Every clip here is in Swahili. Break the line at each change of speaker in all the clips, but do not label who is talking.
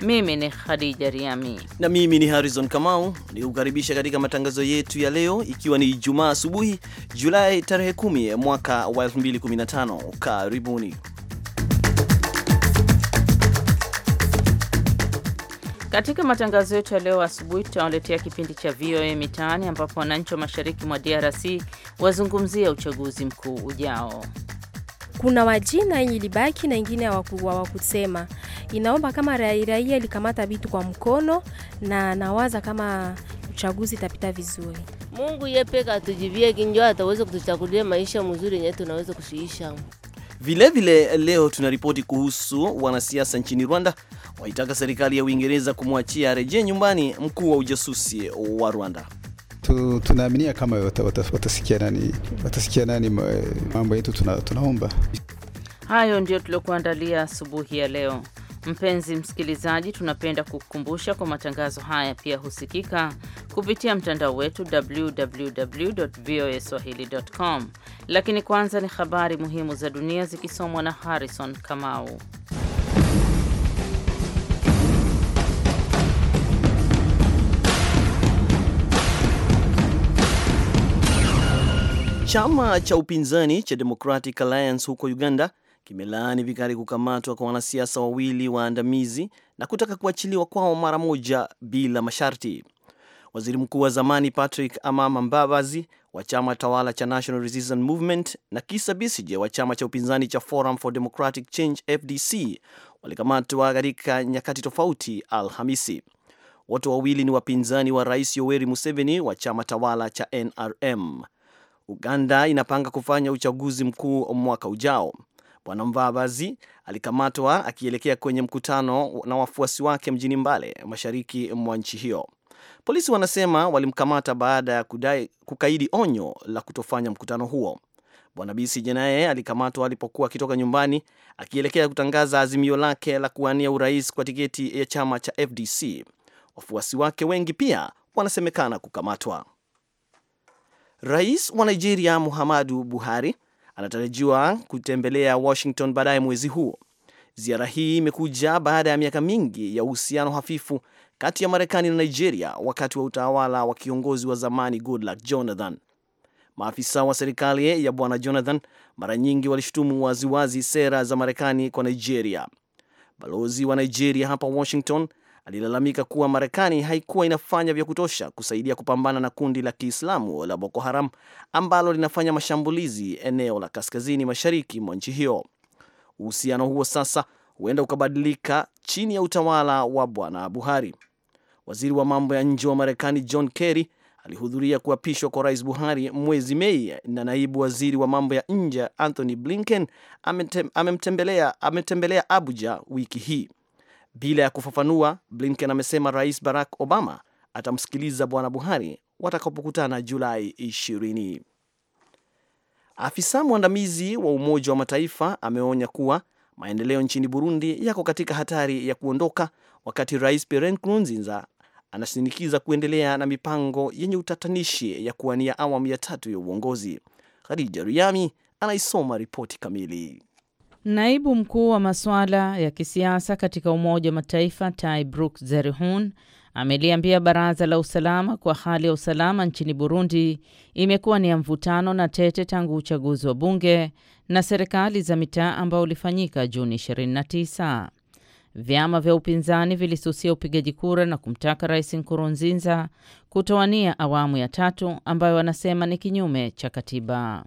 mimi ni Khadija Riami
na mimi ni Harrison Kamau, kukaribisha katika matangazo yetu ya leo, ikiwa ni Ijumaa asubuhi Julai tarehe 10 mwaka wa 2015. Karibuni katika
matangazo yetu ya leo asubuhi. Tutawaletea kipindi cha VOA Mitaani ambapo wananchi wa mashariki mwa DRC wazungumzia uchaguzi mkuu ujao kuna
wajina yenye libaki na ingine hawakusema. Inaomba kama raia likamata vitu kwa mkono, na nawaza kama uchaguzi itapita vizuri.
Mungu
yepeka atujivie kinjo, ataweza kutuchagulia maisha mzuri yenye tunaweza kushiisha.
Vilevile leo tuna ripoti kuhusu wanasiasa nchini Rwanda waitaka serikali ya Uingereza kumwachia rejee nyumbani mkuu wa ujasusi wa Rwanda tu, tunaaminia kama watasikia nani, watasikia nani mambo yetu tunaomba.
Hayo ndio tuliokuandalia asubuhi ya leo. Mpenzi msikilizaji, tunapenda kukukumbusha kwa matangazo haya pia husikika kupitia mtandao wetu com Lakini kwanza ni habari muhimu za dunia zikisomwa na Harrison Kamau.
Chama cha upinzani cha Democratic Alliance huko Uganda kimelaani vikali kukamatwa kwa wanasiasa wawili waandamizi na kutaka kuachiliwa kwao mara moja bila masharti. Waziri mkuu wa zamani Patrick Amama Mbabazi wa chama tawala cha National Resistance Movement na Kisa Bisije wa chama cha upinzani cha Forum for Democratic Change FDC walikamatwa katika nyakati tofauti Alhamisi. Wote wawili ni wapinzani wa rais Yoweri Museveni wa chama tawala cha NRM. Uganda inapanga kufanya uchaguzi mkuu mwaka ujao. Bwana Mvavazi alikamatwa akielekea kwenye mkutano na wafuasi wake mjini Mbale, mashariki mwa nchi hiyo. Polisi wanasema walimkamata baada ya kudai kukaidi onyo la kutofanya mkutano huo. Bwana Besigye naye alikamatwa alipokuwa akitoka nyumbani akielekea kutangaza azimio lake la kuwania urais kwa tiketi ya chama cha FDC. Wafuasi wake wengi pia wanasemekana kukamatwa. Rais wa Nigeria Muhammadu Buhari anatarajiwa kutembelea Washington baadaye mwezi huo. Ziara hii imekuja baada ya miaka mingi ya uhusiano hafifu kati ya Marekani na Nigeria wakati wa utawala wa kiongozi wa zamani Goodluck Jonathan. Maafisa wa serikali ya bwana Jonathan mara nyingi walishutumu waziwazi sera za Marekani kwa Nigeria. Balozi wa Nigeria hapa Washington alilalamika kuwa Marekani haikuwa inafanya vya kutosha kusaidia kupambana na kundi la Kiislamu la Boko Haram ambalo linafanya mashambulizi eneo la kaskazini mashariki mwa nchi hiyo. Uhusiano huo sasa huenda ukabadilika chini ya utawala wa Bwana Buhari. Waziri wa mambo ya nje wa Marekani John Kerry alihudhuria kuapishwa kwa Rais Buhari mwezi Mei, na naibu waziri wa mambo ya nje Anthony Blinken amemtembelea ametembelea Abuja wiki hii. Bila ya kufafanua, Blinken amesema Rais Barack Obama atamsikiliza Bwana Buhari watakapokutana Julai 20. Afisa mwandamizi wa Umoja wa Mataifa ameonya kuwa maendeleo nchini Burundi yako katika hatari ya kuondoka wakati Rais Pierre Nkurunziza anashinikiza kuendelea na mipango yenye utatanishi ya kuwania awamu ya tatu ya uongozi. Khadija Riami anaisoma ripoti kamili.
Naibu mkuu wa masuala ya kisiasa katika Umoja wa Mataifa Tai Brook Zerihun ameliambia baraza la usalama kwa hali ya usalama nchini Burundi imekuwa ni ya mvutano na tete tangu uchaguzi wa bunge na serikali za mitaa ambao ulifanyika Juni 29. Vyama vya upinzani vilisusia upigaji kura na kumtaka Rais Nkurunziza kutowania awamu ya tatu ambayo wanasema ni kinyume cha katiba.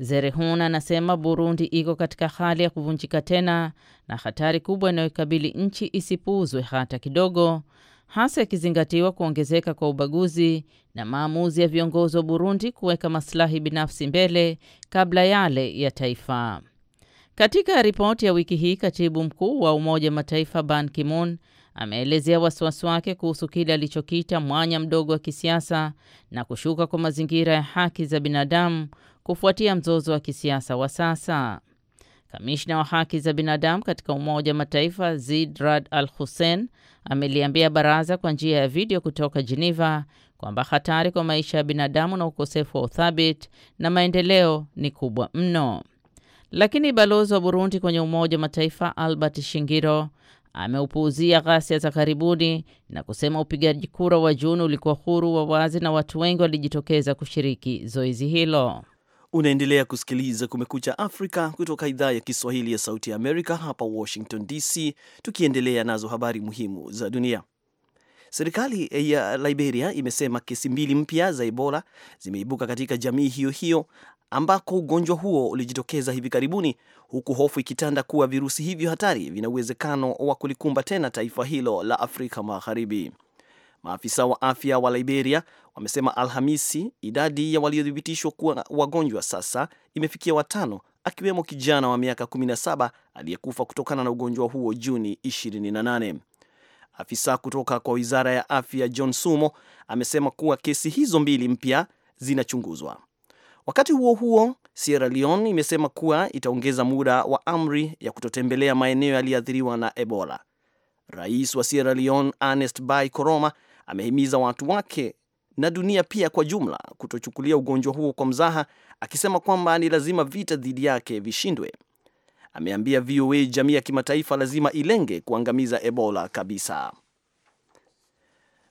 Zerehun anasema Burundi iko katika hali ya kuvunjika tena na hatari kubwa inayoikabili nchi isipuuzwe hata kidogo, hasa ikizingatiwa kuongezeka kwa ubaguzi na maamuzi ya viongozi wa Burundi kuweka maslahi binafsi mbele kabla yale ya taifa. Katika ripoti ya wiki hii, katibu mkuu wa Umoja wa Mataifa Ban Ki-moon ameelezea wasiwasi wake kuhusu kile alichokiita mwanya mdogo wa kisiasa na kushuka kwa mazingira ya haki za binadamu kufuatia mzozo wa kisiasa wa sasa. Kamishna wa haki za binadamu katika Umoja wa Mataifa Zid Rad Al Hussein ameliambia baraza kwa njia ya video kutoka Geneva kwamba hatari kwa maisha ya binadamu na ukosefu wa uthabiti na maendeleo ni kubwa mno. Lakini balozi wa Burundi kwenye Umoja wa Mataifa Albert Shingiro ameupuuzia ghasia za karibuni na kusema upigaji kura wa Juni ulikuwa huru wa wazi na watu wengi walijitokeza kushiriki zoezi hilo.
Unaendelea kusikiliza Kumekucha Afrika kutoka idhaa ya Kiswahili ya Sauti ya Amerika hapa Washington DC, tukiendelea nazo habari muhimu za dunia. Serikali ya Liberia imesema kesi mbili mpya za Ebola zimeibuka katika jamii hiyo hiyo ambako ugonjwa huo ulijitokeza hivi karibuni, huku hofu ikitanda kuwa virusi hivyo hatari vina uwezekano wa kulikumba tena taifa hilo la Afrika Magharibi. Maafisa wa afya wa Liberia wamesema Alhamisi idadi ya waliothibitishwa kuwa wagonjwa sasa imefikia watano, akiwemo kijana wa miaka 17 aliyekufa kutokana na ugonjwa huo Juni 28. Afisa kutoka kwa wizara ya afya John Sumo amesema kuwa kesi hizo mbili mpya zinachunguzwa. Wakati huo huo, Sierra Leone imesema kuwa itaongeza muda wa amri ya kutotembelea maeneo yaliyoathiriwa na Ebola. Rais wa Sierra Leone Ernest Bai Koroma amehimiza watu wake na dunia pia kwa jumla kutochukulia ugonjwa huo kwa mzaha, akisema kwamba ni lazima vita dhidi yake vishindwe. Ameambia VOA jamii ya kimataifa lazima ilenge kuangamiza Ebola kabisa.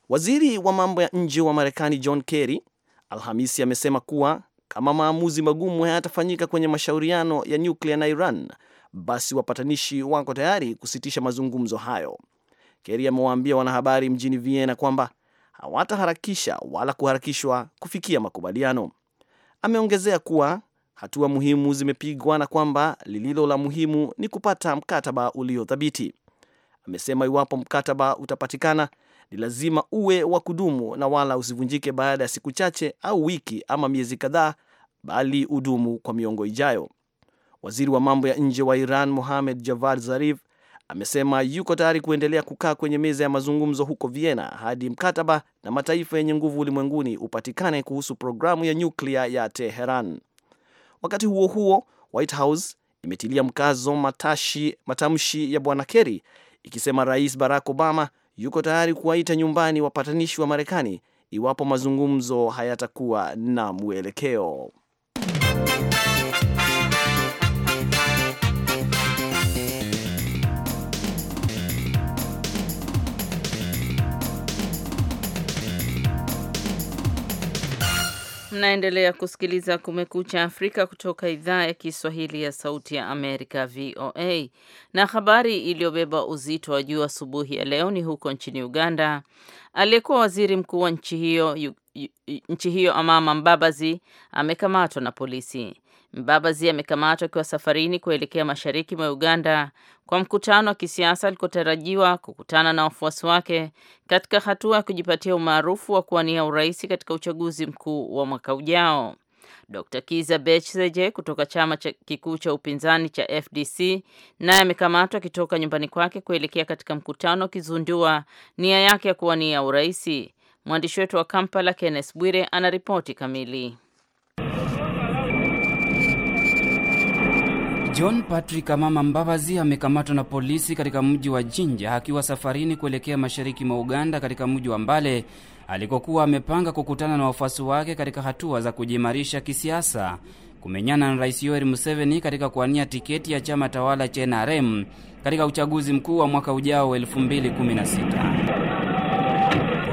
Waziri wa mambo ya nje wa Marekani John Kerry Alhamisi amesema kuwa kama maamuzi magumu hayatafanyika kwenye mashauriano ya nyuklia na Iran, basi wapatanishi wako tayari kusitisha mazungumzo hayo. Kerry amewaambia wanahabari mjini Vienna kwamba hawataharakisha wala kuharakishwa kufikia makubaliano. Ameongezea kuwa hatua muhimu zimepigwa na kwamba lililo la muhimu ni kupata mkataba uliothabiti. Amesema iwapo mkataba utapatikana ni lazima uwe wa kudumu na wala usivunjike baada ya siku chache au wiki ama miezi kadhaa, bali udumu kwa miongo ijayo. Waziri wa mambo ya nje wa Iran Mohamed Javad Zarif amesema yuko tayari kuendelea kukaa kwenye meza ya mazungumzo huko Vienna hadi mkataba na mataifa yenye nguvu ulimwenguni upatikane kuhusu programu ya nyuklia ya Teheran. Wakati huo huo, White House imetilia mkazo matashi, matamshi ya bwana Kerry ikisema Rais Barack Obama yuko tayari kuwaita nyumbani wapatanishi wa Marekani iwapo mazungumzo hayatakuwa na mwelekeo.
Mnaendelea kusikiliza Kumekucha Afrika kutoka idhaa ya Kiswahili ya Sauti ya Amerika, VOA. Na habari iliyobeba uzito wa juu asubuhi ya leo ni huko nchini Uganda. Aliyekuwa waziri mkuu wa nchi hiyo nchi hiyo Amama Mbabazi amekamatwa na polisi. Mbabazi amekamatwa akiwa safarini kuelekea mashariki mwa Uganda kwa mkutano wa kisiasa alikotarajiwa kukutana na wafuasi wake katika hatua ya kujipatia umaarufu wa kuwania urais katika uchaguzi mkuu wa mwaka ujao. Dr. Kiza Besigye kutoka chama kikuu cha upinzani cha FDC naye amekamatwa akitoka nyumbani kwake kuelekea katika mkutano akizundua nia yake ya kuwania uraisi. Mwandishi wetu wa Kampala Kenneth Bwire ana ripoti kamili. John
Patrick Amama Mbabazi amekamatwa na polisi katika mji wa Jinja akiwa safarini kuelekea mashariki mwa Uganda katika mji wa Mbale alikokuwa amepanga kukutana na wafuasi wake katika hatua za kujiimarisha kisiasa, kumenyana na Rais Yoweri Museveni katika kuania tiketi ya chama tawala cha NRM katika uchaguzi mkuu wa mwaka ujao 2016.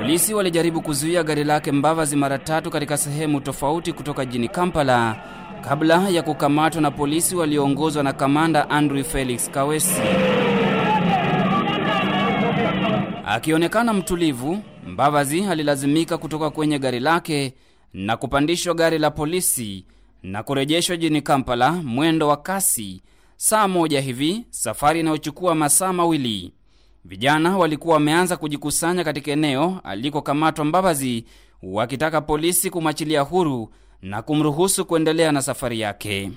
Polisi walijaribu kuzuia gari lake Mbavazi mara tatu katika sehemu tofauti kutoka jini Kampala kabla ya kukamatwa na polisi walioongozwa na kamanda Andrew Felix Kawesi. Akionekana mtulivu, Mbavazi alilazimika kutoka kwenye gari lake na kupandishwa gari la polisi na kurejeshwa jini Kampala mwendo wa kasi saa moja hivi, safari inayochukua masaa mawili. Vijana walikuwa wameanza kujikusanya katika eneo alikokamatwa Mbabazi wakitaka polisi kumwachilia huru na kumruhusu kuendelea na safari yake.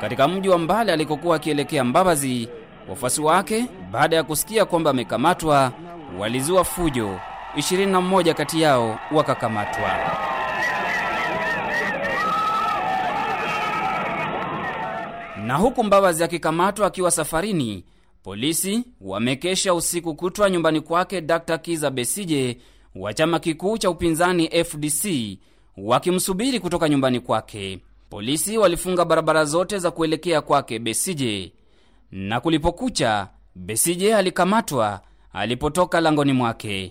Katika mji wa Mbale alikokuwa akielekea Mbabazi, wafuasi wake baada ya kusikia kwamba amekamatwa walizua fujo, 21 kati yao wakakamatwa. Na huku Mbabazi akikamatwa akiwa safarini, polisi wamekesha usiku kutwa nyumbani kwake Dr. Kiza Besije wa chama kikuu cha upinzani FDC wakimsubiri kutoka nyumbani kwake. Polisi walifunga barabara zote za kuelekea kwake Besije, na kulipokucha Besije alikamatwa alipotoka langoni mwake.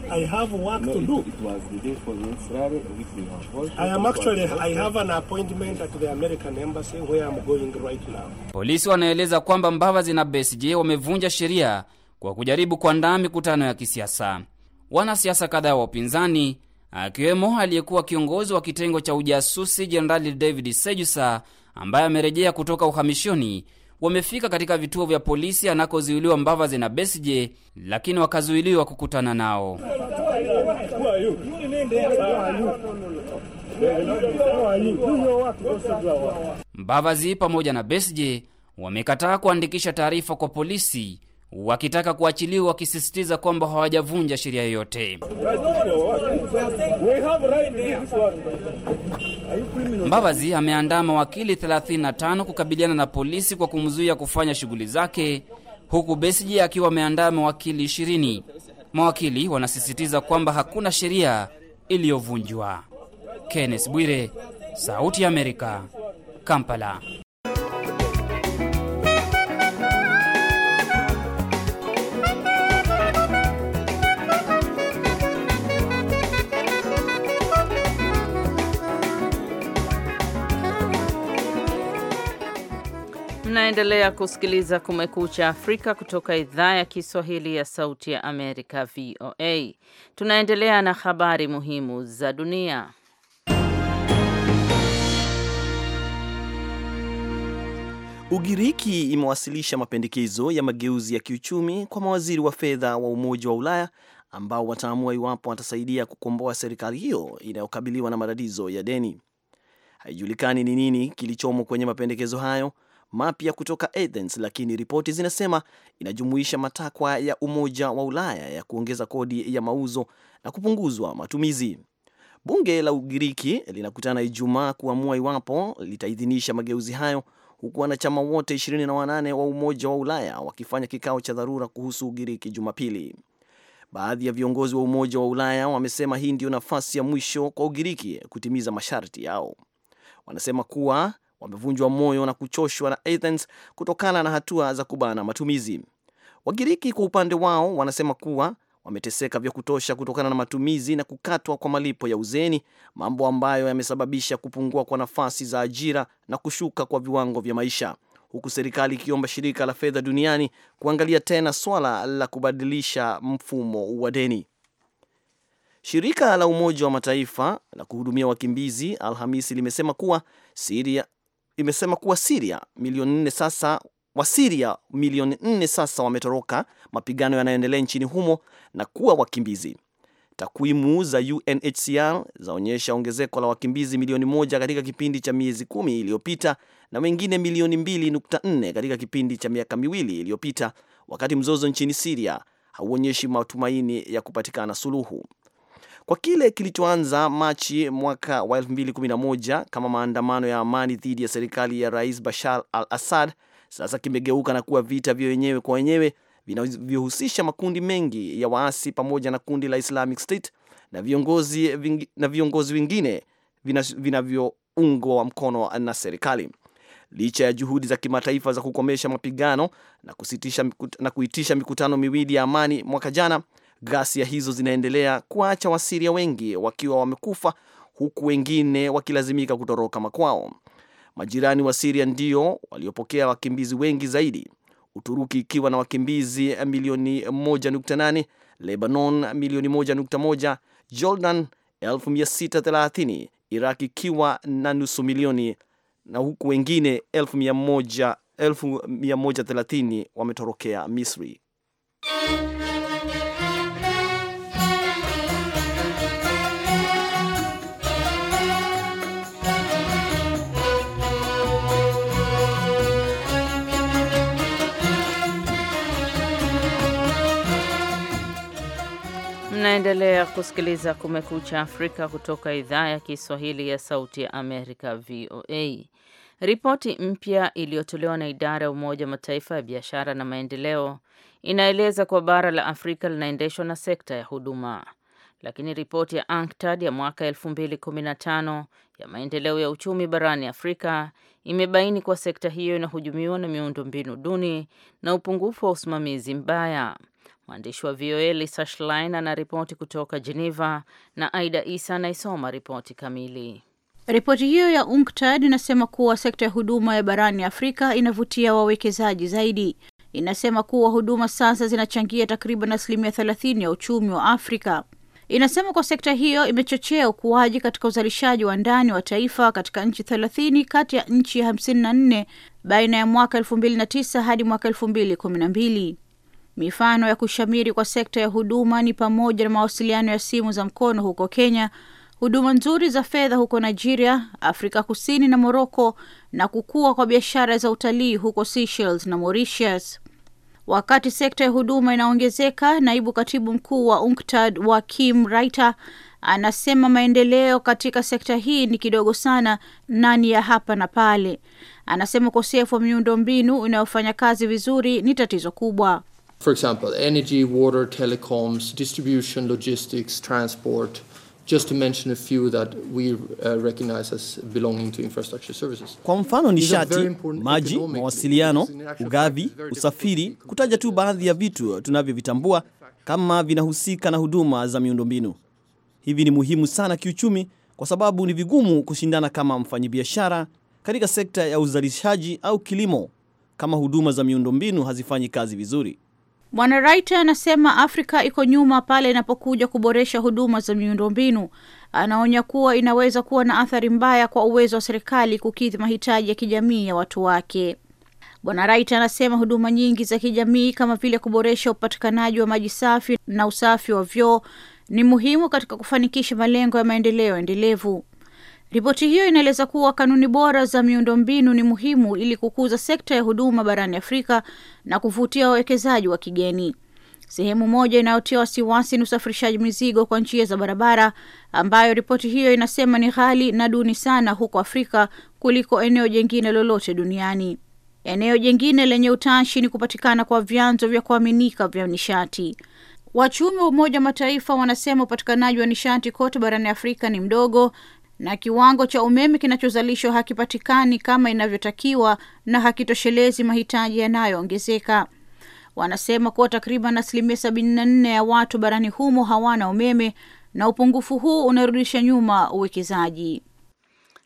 I have work no, to it, do. It was the day for Israel, which we have I am actually, I have an appointment at the American Embassy where I'm going right now.
Polisi wanaeleza kwamba Mbavazi na Besigye wamevunja sheria kwa kujaribu kuandaa mikutano ya kisiasa. Wanasiasa kadhaa wa upinzani akiwemo aliyekuwa kiongozi wa kitengo cha ujasusi Jenerali David Sejusa ambaye amerejea kutoka uhamishoni wamefika katika vituo vya polisi anakozuiliwa Mbavazi na Besije, lakini wakazuiliwa kukutana nao. Mbavazi pamoja na Besije wamekataa kuandikisha taarifa kwa polisi wakitaka kuachiliwa, wakisisitiza kwamba hawajavunja sheria yoyote. Mbabazi ameandaa mawakili 35 kukabiliana na polisi kwa kumzuia kufanya shughuli zake, huku Besigye akiwa ameandaa mawakili 20. Mawakili wanasisitiza kwamba hakuna sheria iliyovunjwa. Kenneth Bwire, Sauti ya Amerika, Kampala.
Unaendelea kusikiliza Kumekucha Afrika kutoka idhaa ya Kiswahili ya Sauti ya Amerika, VOA. Tunaendelea na habari muhimu za dunia.
Ugiriki imewasilisha mapendekezo ya mageuzi ya kiuchumi kwa mawaziri wa fedha wa Umoja wa Ulaya ambao wataamua iwapo watasaidia kukomboa serikali hiyo inayokabiliwa na matatizo ya deni. Haijulikani ni nini kilichomo kwenye mapendekezo hayo mapya kutoka Athens, lakini ripoti zinasema inajumuisha matakwa ya Umoja wa Ulaya ya kuongeza kodi ya mauzo na kupunguzwa matumizi. Bunge la Ugiriki linakutana Ijumaa kuamua iwapo litaidhinisha mageuzi hayo, huku wanachama wote 28 wa Umoja wa Ulaya wakifanya kikao cha dharura kuhusu Ugiriki Jumapili. Baadhi ya viongozi wa Umoja wa Ulaya wamesema hii ndiyo nafasi ya mwisho kwa Ugiriki kutimiza masharti yao. Wanasema kuwa wamevunjwa moyo na kuchoshwa na Athens kutokana na hatua za kubana matumizi. Wagiriki kwa upande wao wanasema kuwa wameteseka vya kutosha kutokana na matumizi na kukatwa kwa malipo ya uzeni mambo ambayo yamesababisha kupungua kwa nafasi za ajira na kushuka kwa viwango vya maisha, huku serikali ikiomba shirika la fedha duniani kuangalia tena swala la kubadilisha mfumo wa deni. Shirika la Umoja wa Mataifa la kuhudumia wakimbizi Alhamisi limesema kuwa Siria imesema kuwa Syria milioni 4 sasa Wasiria milioni 4 sasa wametoroka mapigano yanayoendelea nchini humo na kuwa wakimbizi. Takwimu za UNHCR zaonyesha ongezeko la wakimbizi milioni moja katika kipindi cha miezi kumi iliyopita na wengine milioni 2.4 katika kipindi cha miaka miwili iliyopita, wakati mzozo nchini Siria hauonyeshi matumaini ya kupatikana suluhu kwa kile kilichoanza Machi mwaka wa 2011 kama maandamano ya amani dhidi ya serikali ya Rais Bashar al-Assad sasa kimegeuka na kuwa vita vya wenyewe kwa wenyewe vinavyohusisha makundi mengi ya waasi pamoja na kundi la Islamic State na viongozi, vingi, na viongozi wengine vinavyoungwa mkono na serikali. Licha ya juhudi za kimataifa za kukomesha mapigano na, kusitisha, na kuitisha mikutano miwili ya amani mwaka jana, Ghasia hizo zinaendelea kuacha Wasiria wengi wakiwa wamekufa huku wengine wakilazimika kutoroka makwao. Majirani wa Siria ndio waliopokea wakimbizi wengi zaidi, Uturuki ikiwa na wakimbizi milioni 1.8, Lebanon milioni 1.1, Jordan 630, Iraq ikiwa na nusu milioni na huku wengine 1130 wametorokea Misri.
Mnaendelea kusikiliza Kumekucha Afrika kutoka idhaa ya Kiswahili ya Sauti ya Amerika, VOA. Ripoti mpya iliyotolewa na idara ya Umoja wa Mataifa ya biashara na maendeleo inaeleza kuwa bara la Afrika linaendeshwa na sekta ya huduma, lakini ripoti ya UNCTAD ya mwaka 2015 ya maendeleo ya uchumi barani Afrika imebaini kuwa sekta hiyo inahujumiwa na miundombinu duni na upungufu wa usimamizi mbaya. Mwandishi wa VOA Lisa Schlein anaripoti kutoka Geneva na Aida Isa anaisoma ripoti kamili.
Ripoti hiyo ya UNCTAD inasema kuwa sekta ya huduma ya barani Afrika inavutia wawekezaji zaidi. Inasema kuwa huduma sasa zinachangia takriban asilimia thelathini ya uchumi wa Afrika. Inasema kwa sekta hiyo imechochea ukuaji katika uzalishaji wa ndani wa taifa katika nchi thelathini kati ya nchi hamsini na nne baina ya mwaka elfu mbili na tisa hadi mwaka elfu mbili kumi na mbili. Mifano ya kushamiri kwa sekta ya huduma ni pamoja na mawasiliano ya simu za mkono huko Kenya, huduma nzuri za fedha huko Nigeria, Afrika Kusini na Moroko, na kukua kwa biashara za utalii huko Seychelles na Mauritius. Wakati sekta ya huduma inaongezeka, naibu katibu mkuu wa UNCTAD wa Kim Raita anasema maendeleo katika sekta hii ni kidogo sana na ni ya hapa na pale. Anasema ukosefu wa miundo mbinu inayofanya kazi vizuri ni tatizo kubwa.
For example, energy, water, telecoms, distribution, logistics, transport, just to mention a few that we uh,
recognize as belonging to infrastructure services. Kwa mfano nishati, maji, mawasiliano, ugavi, usafiri, kutaja tu baadhi ya vitu tunavyovitambua kama vinahusika na huduma za miundombinu. Hivi ni muhimu sana kiuchumi kwa sababu ni vigumu kushindana kama mfanyabiashara katika sekta ya uzalishaji au kilimo kama huduma za miundombinu hazifanyi kazi vizuri.
Bwana Raita anasema Afrika iko nyuma pale inapokuja kuboresha huduma za miundombinu. Anaonya kuwa inaweza kuwa na athari mbaya kwa uwezo wa serikali kukidhi mahitaji ya kijamii ya watu wake. Bwana Raita anasema huduma nyingi za kijamii kama vile kuboresha upatikanaji wa maji safi na usafi wa vyoo ni muhimu katika kufanikisha malengo ya maendeleo endelevu. Ripoti hiyo inaeleza kuwa kanuni bora za miundombinu ni muhimu ili kukuza sekta ya huduma barani Afrika na kuvutia wawekezaji wa kigeni. Sehemu moja inayotia wasiwasi ni usafirishaji mizigo kwa njia za barabara ambayo ripoti hiyo inasema ni ghali na duni sana huko Afrika kuliko eneo jingine lolote duniani. Eneo jingine lenye utashi ni kupatikana kwa vyanzo vya kuaminika vya nishati. Wachumi wa Umoja wa Mataifa wanasema upatikanaji wa nishati kote barani Afrika ni mdogo na kiwango cha umeme kinachozalishwa hakipatikani kama inavyotakiwa na hakitoshelezi mahitaji yanayoongezeka. Wanasema kuwa takriban asilimia sabini na nne ya watu barani humo hawana umeme na upungufu huu unarudisha nyuma uwekezaji.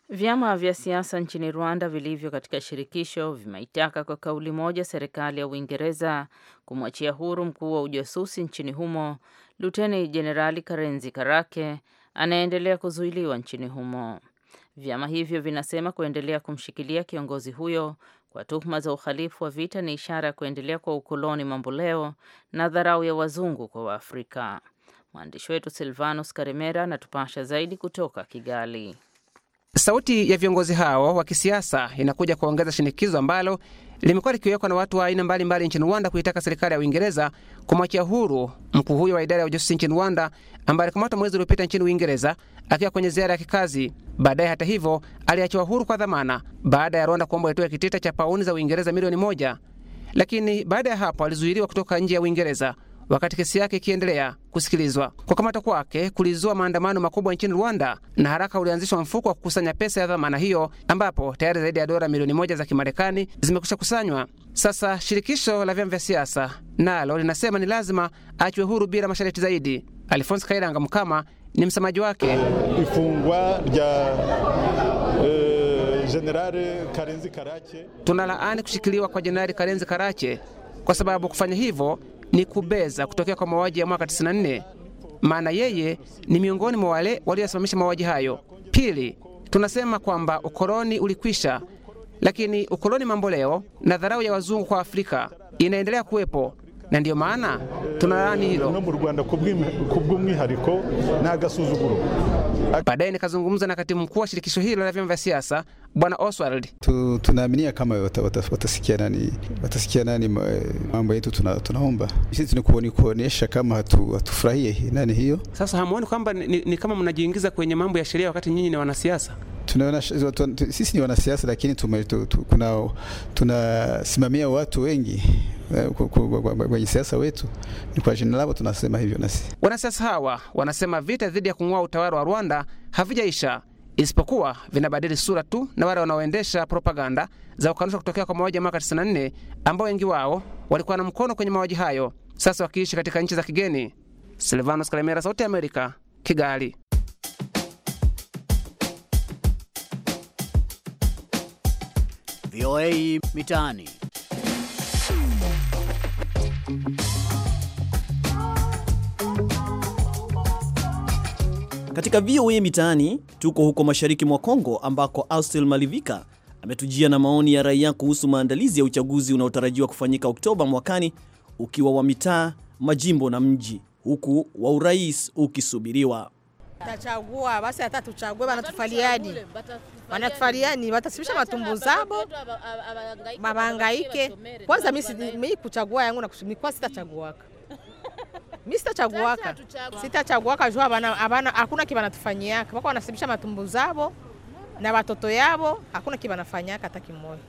Vyama vya siasa nchini Rwanda vilivyo katika shirikisho vimeitaka kwa kauli moja serikali ya Uingereza kumwachia huru mkuu wa ujasusi nchini humo Luteni Jenerali Karenzi Karake anaendelea kuzuiliwa nchini humo. Vyama hivyo vinasema kuendelea kumshikilia kiongozi huyo kwa tuhuma za uhalifu wa vita ni ishara ya kuendelea kwa ukoloni mamboleo na dharau ya wazungu kwa Waafrika. Mwandishi wetu Silvanus Karimera anatupasha zaidi kutoka Kigali.
Sauti ya viongozi hao wa kisiasa inakuja kuongeza shinikizo ambalo limekuwa likiwekwa na watu wa aina mbalimbali nchini Rwanda kuitaka serikali ya Uingereza kumwachia huru mkuu huyo wa idara ya ujasusi nchini Rwanda ambaye alikamatwa mwezi uliopita nchini Uingereza akiwa kwenye ziara ya kikazi. Baadaye hata hivyo, aliachiwa huru kwa dhamana baada ya Rwanda kuomba itoe kitita cha pauni za Uingereza milioni moja, lakini baada ya hapo alizuiliwa kutoka nje ya Uingereza wakati kesi yake ikiendelea kusikilizwa. Kukamatwa kwake kulizua maandamano makubwa nchini Rwanda na haraka ulianzishwa mfuko wa kukusanya pesa ya dhamana hiyo, ambapo tayari zaidi ya dola milioni moja za Kimarekani zimekwisha kusanywa. Sasa shirikisho la vyama vya siasa nalo linasema ni lazima achiwe huru bila masharti zaidi. Alphonse kairanga mkama ni msemaji wake. Ifungwa ya,
jenerali Generali Karenzi Karache.
Tunalaani kushikiliwa kwa Jenerali Karenzi Karache kwa sababu kufanya hivyo ni kubeza kutokea kwa mauaji ya mwaka 94, maana yeye ni miongoni mwa wale waliosimamisha mauaji hayo. Pili, tunasema kwamba ukoloni ulikwisha, lakini ukoloni mamboleo na dharau ya wazungu kwa Afrika inaendelea kuwepo na ndio maana tunalani hilo. Kubw'umwihariko na Baadaye nikazungumza na katibu mkuu wa shirikisho hilo la vyama vya siasa Bwana Oswald.
Tu, tunaaminia kama watasikia nani watasikia nani eh, mambo yetu tuna, tunaomba sisi ni kuonyesha kama hatu, hatufurahie nani hiyo.
Sasa hamuoni kwamba ni, ni kama mnajiingiza kwenye mambo ya sheria wakati nyinyi ni wanasiasa?
tunaona sisi ni wanasiasa, lakini tunasimamia watu wengi eh, kwenye siasa wetu, ni kwa jina lao tunasema hivyo. Nasi
wanasiasa hawa wanasema vita dhidi ya kung'oa utawala wa Rwanda havijaisha, isipokuwa vinabadili sura tu na wale wanaoendesha propaganda za kukanusha kutokea kwa mauaji ya mwaka 94 ambao wengi wao walikuwa na mkono kwenye mauaji hayo, sasa wakiishi katika nchi za kigeni. Silvanos Kalemera, Sauti ya Amerika, Kigali.
VOA Mitaani.
Katika VOA Mitaani tuko huko mashariki mwa Kongo ambako Austel Malivika ametujia na maoni ya raia kuhusu maandalizi ya uchaguzi unaotarajiwa kufanyika Oktoba mwakani ukiwa wa mitaa, majimbo na mji, huku wa urais ukisubiriwa.
Tachagua basi, hata tuchague banatufaliani, banatufaliani batasibisha matumbu zabo, babangaike kwanza. Mimi kuchagua yangu nakusimikwa, sitachaguaka mimi sitachaguaka, sitachaguaka jua bana abana, hakuna kibanatufanyiaka bako, wanasibisha matumbu zabo na watoto yabo, hakuna kibanafanyaka hata kimoja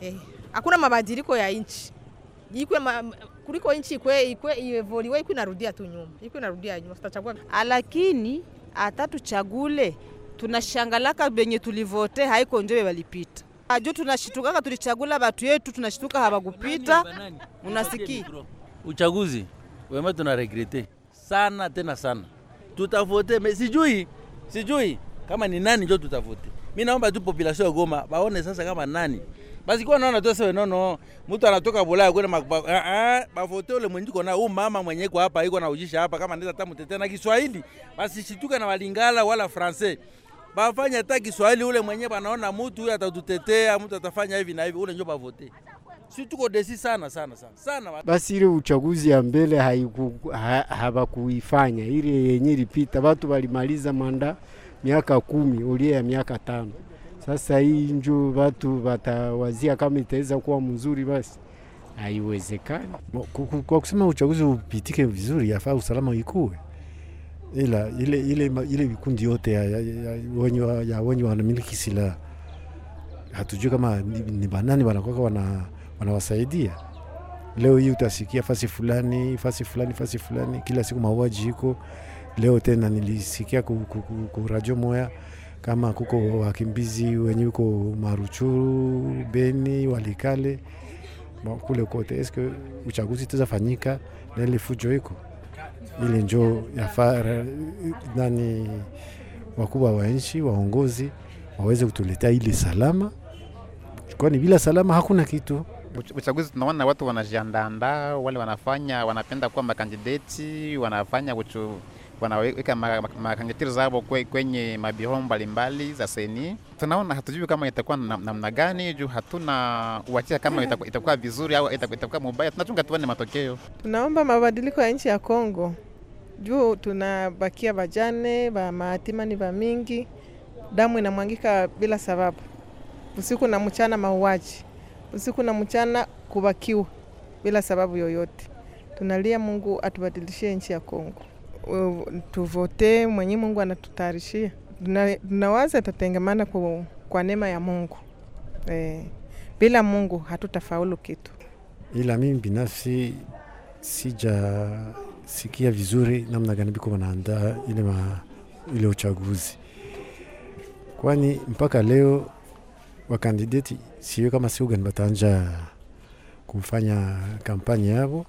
eh, hakuna mabadiliko ya inchi jikwe kuliko nchi ikwe ikwe ievoliwe iko inarudia tu nyuma, iko inarudia nyuma, tutachagua ah, lakini atatuchagule tunashangalaka benye tulivote haiko njobe walipita ajo ah, tunashitukaka tulichagula batu yetu tunashituka hawakupita unasikii
uchaguzi wema regrete sana tena sana tutavote me sijui sijui kama ni nani njo tutavote mi naomba tu population ya Goma baone sasa kama nani basi kwa naona tu sasa nono mtu anatoka Bulaya kwenda mabafoto eh, eh, ah, ah, ule mwenye kona huu mama mwenye iko hapa iko naujisha hapa kama ndiza tamu na Kiswahili basi shituka na Walingala wala Francais bafanya hata Kiswahili ule mwenye banaona mtu huyu atatutetea mtu atafanya hivi na hivi ule njo bavote
si tuko desi sana sana sana sana.
Basi ile uchaguzi ya mbele hawakuifanya ha, ile yenye ilipita watu walimaliza manda miaka kumi ulie ya miaka tano sasa hii njo watu watawazia kama itaweza kuwa mzuri, basi haiwezekani. Kwa kusema uchaguzi upitike vizuri, yafaa usalama ikuwe, ila ile ile ile vikundi yote ya wenye wanamiliki silaha hatujui kama ni banani wanakwaka wana, wanawasaidia. Leo hii utasikia fasi fulani fasi fulani fasi fulani, kila siku mauaji iko. Leo tena nilisikia radio moya kama kuko wakimbizi wenye uko Maruchuru, Beni, Walikale kule kote, eske uchaguzi tuzafanyika na ile fujo iko ile njo yafara nani wakubwa wa nchi waongozi waweze kutuletea ile salama, kwani bila salama hakuna kitu.
Uchaguzi tunaona watu wanajiandaandaa, wale wanafanya wanapenda kuwa makandideti, wanafanya uchu wanaweka makangatiri zao kwenye mabiro mbalimbali za seni. Tunaona hatujui kama itakuwa namna gani, juu hatuna uhakika kama itakuwa, itakuwa vizuri au itakuwa mubaya. Tunachunga tuone matokeo.
Tunaomba mabadiliko ya nchi ya Kongo juu tunabakia bajane ba maatima ni ba mingi, damu inamwangika bila sababu, usiku na mchana mauaji, usiku na mchana kubakiwa bila sababu yoyote. Tunalia Mungu atubadilishie nchi ya Kongo tuvote mwenye Mungu anatutarishia. Tunawaza tutatengemana kwa, kwa neema ya Mungu e, bila Mungu hatutafaulu
kitu. Ila mimi binafsi sijasikia vizuri namna gani biko wanaandaa ile, ile uchaguzi, kwani mpaka leo wakandideti sio kama siugani bataanja kufanya kampanyi yavo,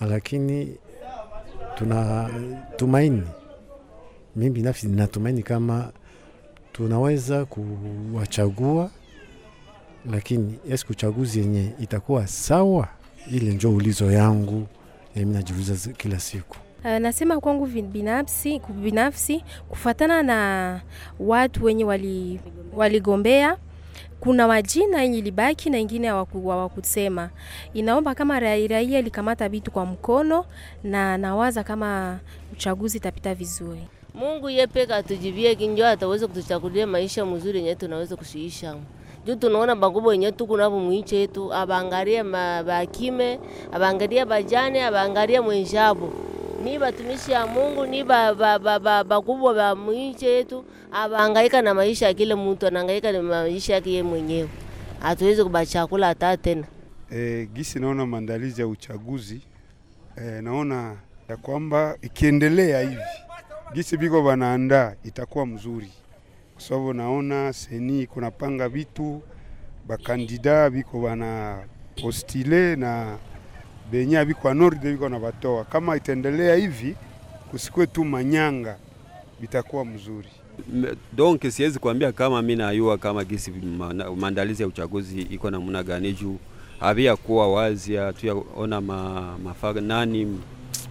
lakini tuna tumaini, mimi binafsi ninatumaini kama tunaweza kuwachagua, lakini eski uchaguzi yenye itakuwa sawa, ile njo ulizo yangu mimi najiuliza kila siku.
Eh, nasema kwangu binafsi, binafsi kufatana na watu wenye waligombea wali kuna wajina yenye libaki na ingine hawakusema. Inaomba kama raia likamata vitu kwa mkono, na nawaza kama uchaguzi itapita vizuri.
Mungu yepeka atujibie kinjo, ataweza kutuchagulia maisha mzuri yenye tunaweza kushiisha juu tunaona bakubwa yenye tuku nabo mwinche yetu abangarie bakime abangarie bajane abaangalie mwenjabo ni batumishi ya Mungu ni bakubwa ba, ba, ba, ba, ba yetu abangaika na maisha ya kile mtu anahangaika na maisha yake yeye mwenyewe, hatuwezi kubachakula hata tena.
E, gisi naona maandalizi ya uchaguzi e, naona ya kwamba ikiendelea hivi gisi biko banaandaa itakuwa mzuri, kwa sababu naona seni kunapanga vitu bakandida biko bana postile na benye abikwa Nord biko na batoa. Kama itaendelea hivi kusikwe tu manyanga, bitakuwa mzuri. Donc siwezi kuambia kama mimi nayua kama gisi maandalizi ya uchaguzi iko namna gani, juu havia kuwa wazi, hatuyaona ma, mafaka nani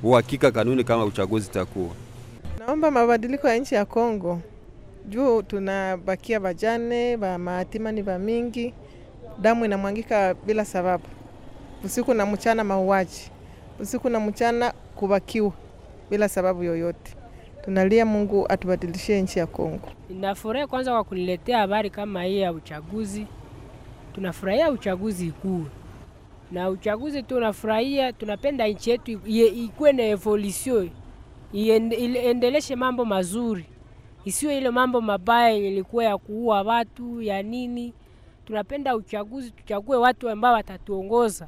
uhakika kanuni kama uchaguzi itakuwa.
Naomba mabadiliko ya nchi ya Kongo juu tunabakia bajane ba maatima ni ba mingi, damu inamwangika bila sababu usiku na mchana mauaji, usiku na mchana kubakiwa bila sababu yoyote. Tunalia Mungu atubadilishie nchi ya Kongo.
Ninafurahi kwanza kwa kuniletea habari kama hii ya uchaguzi. Tunafurahia
uchaguzi ikuu
na uchaguzi tunafurahia, tunapenda nchi yetu ikuwe na evolution, iendeleshe mambo mazuri, isiwe ile mambo mabaya yenye ilikuwa ya kuua watu ya nini. Tunapenda uchaguzi, tuchague watu ambao watatuongoza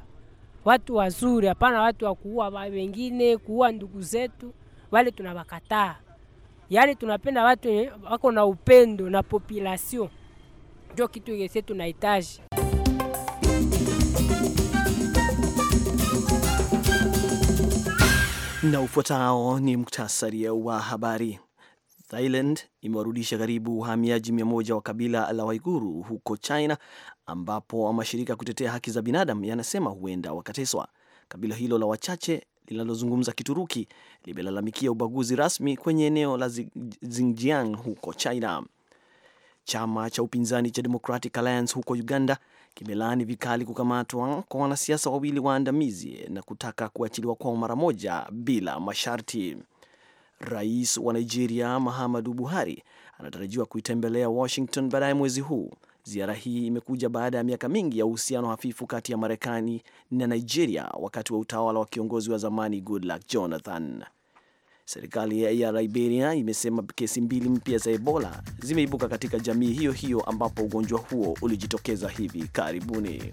watu wazuri, hapana watu wa kuua wengine, kuua ndugu zetu, wale tunawakataa. Yaani tunapenda watu wako na upendo na population, ndio kitu yese tunahitaji.
Na ufuatao ni muktasari wa habari. Thailand imewarudisha karibu wahamiaji mia moja wa kabila la Waiguru huko China, ambapo mashirika ya kutetea haki za binadamu yanasema huenda wakateswa. Kabila hilo la wachache linalozungumza Kituruki limelalamikia ubaguzi rasmi kwenye eneo la Xinjiang huko China. Chama cha upinzani cha Democratic Alliance huko Uganda kimelaani vikali kukamatwa kwa wanasiasa wawili waandamizi na kutaka kuachiliwa kwao mara moja bila masharti. Rais wa Nigeria Muhammadu Buhari anatarajiwa kuitembelea Washington baadaye mwezi huu. Ziara hii imekuja baada ya miaka mingi ya uhusiano hafifu kati ya Marekani na Nigeria wakati wa utawala wa kiongozi wa zamani Goodluck Jonathan. Serikali ya Liberia imesema kesi mbili mpya za Ebola zimeibuka katika jamii hiyo hiyo ambapo ugonjwa huo ulijitokeza hivi karibuni.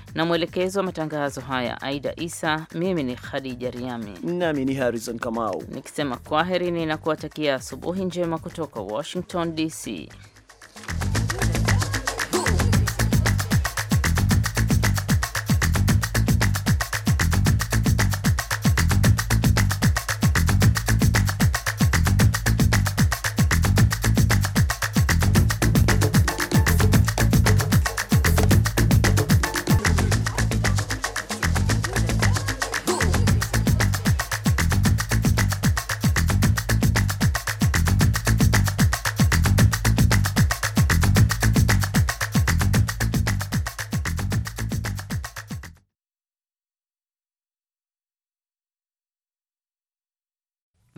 na mwelekezo wa matangazo haya Aida Isa. Mimi ni Khadija Riami
nami ni Harrison
Kamau nikisema kwaherini na kuwatakia asubuhi njema kutoka Washington DC.